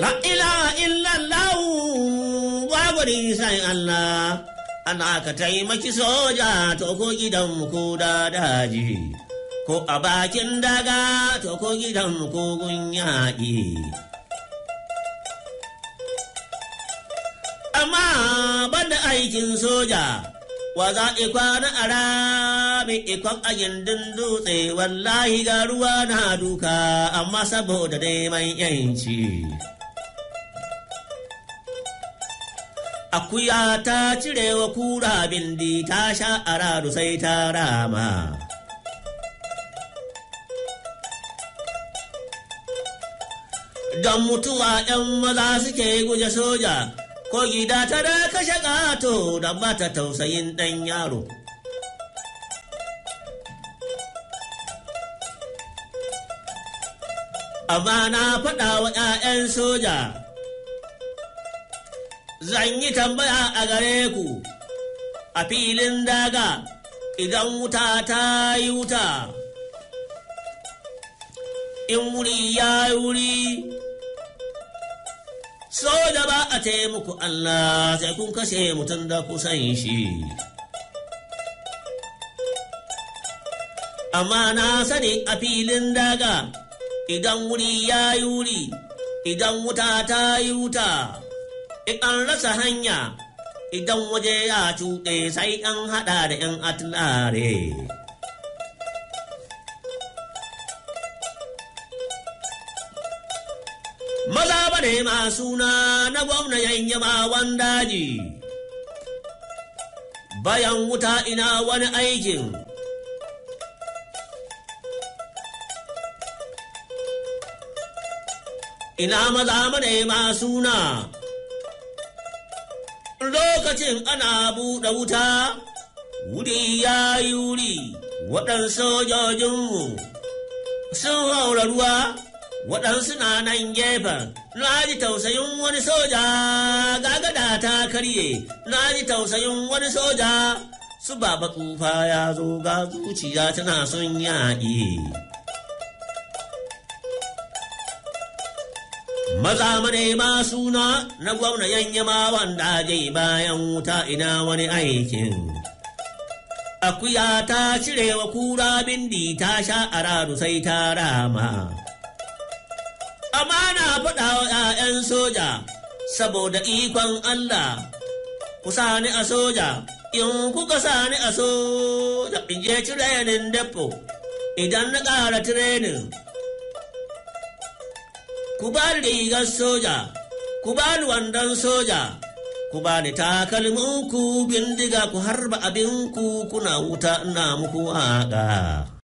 La ilaha illallah babu nisan Allah, ana ka taimaki soja to ko gidan ko da daji, ko a bakin daga to ko gidan ku gun yaƙi. Amma banda aikin soja, wa za kwana a rami ikon a gindin dutse wallahi ga ruwa na duka amma saboda neman yanci. Akuya ta cire wa kura bindi ta sha araru sai ta rama. Don mutuwa ‘yan maza suke guje soja, ko gida ta da kashe gato da ba tausayin ɗan yaro. Amma na faɗa wa ‘ya'yan soja. zan yi tambaya a gare ku a filin daga idan wuta ta yi wuta in wuri ya yi wuri so da ba a taimaku Allah sai kun kashe mutum da kusan shi amma na sani a filin daga idan wuri ya yi wuri idan wuta ta yi wuta ikan rasa hanya idan waje ya cuɗe sai an haɗa da 'yan atlare. Maza ba ne suna na gwamna wanda daji, bayan wuta ina wani aikin. Ina maza ma suna. lokacin ana buɗe wuta wuri ya yi wuri waɗansu sojojinmu sun haura ruwa waɗansu na nan gefen na ji tausayin wani soja gagada ta karye na ji tausayin wani soja su baba tsufa ya zo ga zuciya tana sun yaƙi. Maza ma suna na gwamna yanyama wanda je bayan wuta ina wani aikin. Akuya ta wa kura bindi ta sha a radu sai ta rama. Amana faɗa wa ‘ya'yan soja, saboda ikon Allah, ku ni a soja, in kuka sani a soja, in je tirenin depo, idan na ƙara tirenin. ku ba ni rigar soja, ku ba ni wandon soja, ku ba ni takalminku bindiga ku harba abinku kuna wuta ina muku waƙa.